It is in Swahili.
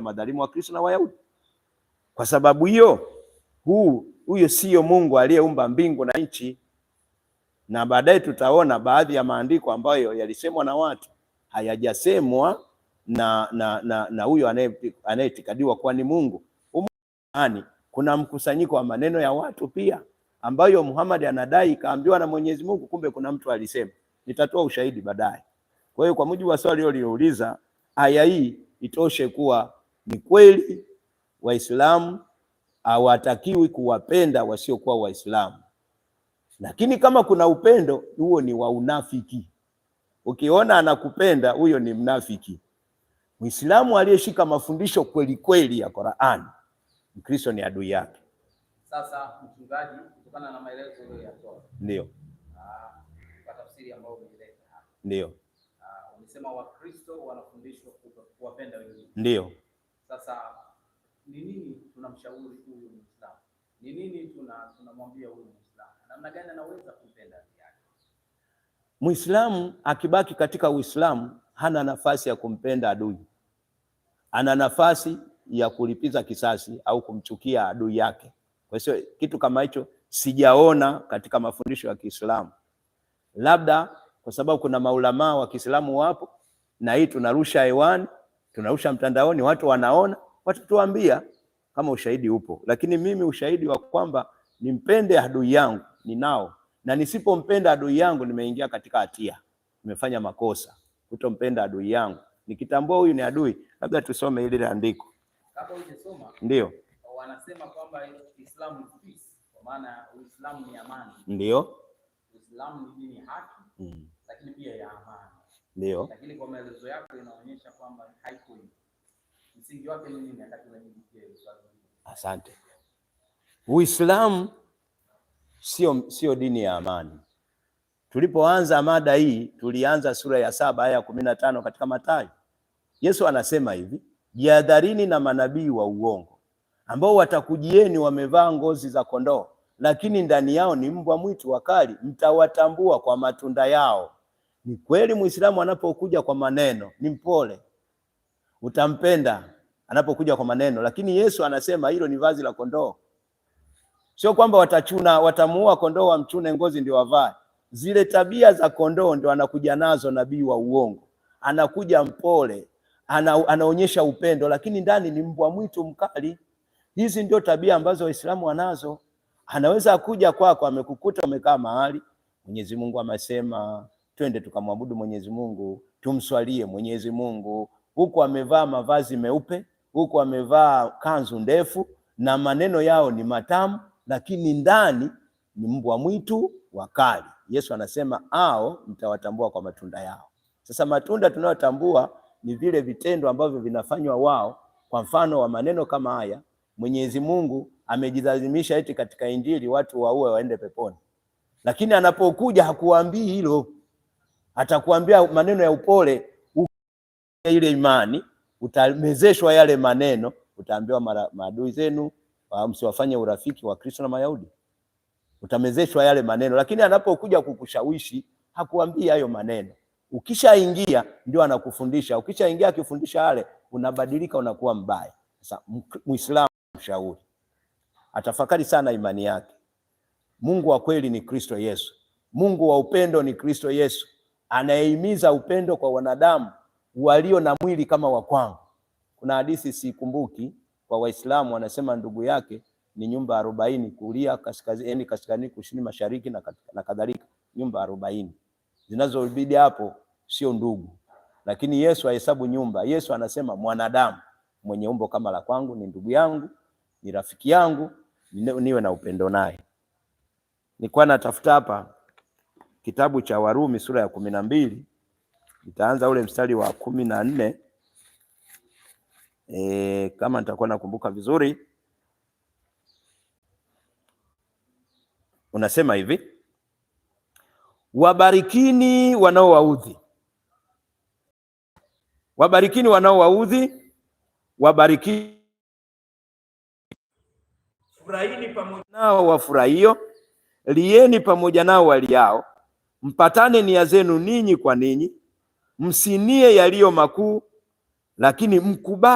katika madhalimu wa Kristo na Wayahudi. Kwa sababu hiyo, huu huyo siyo Mungu aliyeumba mbingu na nchi, na baadaye tutaona baadhi ya maandiko ambayo yalisemwa na watu hayajasemwa na na na, na huyo anayetikadiwa kuwa ni Mungu. Umani, kuna mkusanyiko wa maneno ya watu pia ambayo Muhammad anadai kaambiwa na Mwenyezi Mungu, kumbe kuna mtu alisema. Nitatoa ushahidi baadaye. Kwa hiyo kwa mujibu wa swali hilo aya hii itoshe kuwa ni kweli Waislamu hawatakiwi kuwapenda wasiokuwa Waislamu, lakini kama kuna upendo huo ni wa unafiki. Ukiona anakupenda huyo ni mnafiki. Muislamu aliyeshika mafundisho kweli kweli ya Qur'an, Mkristo ni adui yake. Sasa mchungaji, kutokana na maelezo yaliyotoa, ndio ah, kwa tafsiri ambayo umeleta hapa, ndio ah, umesema Wakristo wanafundishwa kuwapenda wengine, ndio sasa ni nini tunamshauri huyu Muislamu? Ni nini tunamwambia tuna huyu Muislamu, namna gani anaweza dini yake? Muislamu akibaki katika Uislamu hana nafasi ya kumpenda adui, ana nafasi ya kulipiza kisasi au kumchukia adui yake. Kwa hiyo kitu kama hicho sijaona katika mafundisho ya Kiislamu, labda kwa sababu kuna maulamaa wa Kiislamu wapo na hii tunarusha hewani tunarusha mtandaoni, watu wanaona, watatuambia kama ushahidi upo. Lakini mimi ushahidi wa kwamba nimpende adui yangu ninao, na nisipompenda adui yangu nimeingia katika hatia, nimefanya makosa kutompenda adui yangu. Nikitambua huyu ni adui, labda tusome ile andiko ndio wanasema kwamba Islam ni peace, kwa maana Uislamu ni amani. Ndio Uislamu ni haki, mm. lakini pia ya amani ndio. Lakini kwa maelezo yako inaonyesha kwamba haikui. Msingi wake ni nini wakati unajibu swali hili? Asante. Uislamu sio sio dini ya amani. Tulipoanza mada hii tulianza sura ya saba aya ya kumi na tano katika Mathayo. Yesu anasema hivi, jihadharini na manabii wa uongo ambao watakujieni wamevaa ngozi za kondoo, lakini ndani yao ni mbwa mwitu wakali, mtawatambua kwa matunda yao. Ni kweli Muislamu anapokuja kwa maneno ni mpole, utampenda anapokuja kwa maneno, lakini Yesu anasema hilo ni vazi la kondoo. Sio kwamba watachuna, watamuua kondoo wamchune ngozi ndio wavae. Zile tabia za kondoo ndio anakuja nazo nabii wa uongo. Anakuja mpole, ana, anaonyesha upendo, lakini ndani ni mbwa mwitu mkali. Hizi ndio tabia ambazo Waislamu wanazo. Anaweza kuja kwako, amekukuta umekaa mahali, Mwenyezi Mungu amesema twende tukamwabudu Mwenyezi Mungu, tumswalie Mwenyezi Mungu, huku amevaa mavazi meupe, huku amevaa kanzu ndefu, na maneno yao ni matamu, lakini ndani ni mbwa mwitu wakali. Yesu anasema ao mtawatambua kwa matunda yao. Sasa matunda tunayotambua ni vile vitendo ambavyo vinafanywa wao. Kwa mfano wa maneno kama haya, Mwenyezi Mungu amejidhalimisha eti katika Injili watu waue waende peponi, lakini anapokuja hakuwaambii hilo atakuambia maneno ya upole ile imani, utamezeshwa yale maneno, utaambiwa maadui zenu msiwafanye urafiki wa Kristo na Mayahudi, utamezeshwa yale maneno. Lakini anapokuja kukushawishi hakuambii hayo maneno. Ukishaingia ndio anakufundisha, ukishaingia akifundisha yale, unabadilika unakuwa mbaya. Sasa Muislamu mshauri atafakari sana imani yake. Mungu wa kweli ni Kristo Yesu. Mungu wa upendo ni Kristo Yesu anayehimiza upendo kwa wanadamu walio na mwili kama wa kwangu. Kuna hadithi sikumbuki, kwa Waislamu wanasema ndugu yake ni nyumba arobaini kulia kaskazini, yani kaskazini kushini, mashariki na kadhalika, nyumba arobaini zinazobidi hapo sio ndugu, lakini Yesu ahesabu nyumba. Yesu anasema mwanadamu mwenye umbo kama la kwangu ni ndugu yangu, ni rafiki yangu, niwe na upendo naye. Nilikuwa natafuta hapa kitabu cha Warumi sura ya kumi na mbili nitaanza ule mstari wa kumi na nne e, kama nitakuwa nakumbuka vizuri, unasema hivi: wabarikini wanaowaudhi, wabarikini wanaowaudhi, wabarikini furahini pamoja nao wafurahio, lieni pamoja nao waliao mpatane nia zenu ninyi kwa ninyi, msinie yaliyo makuu, lakini mkubali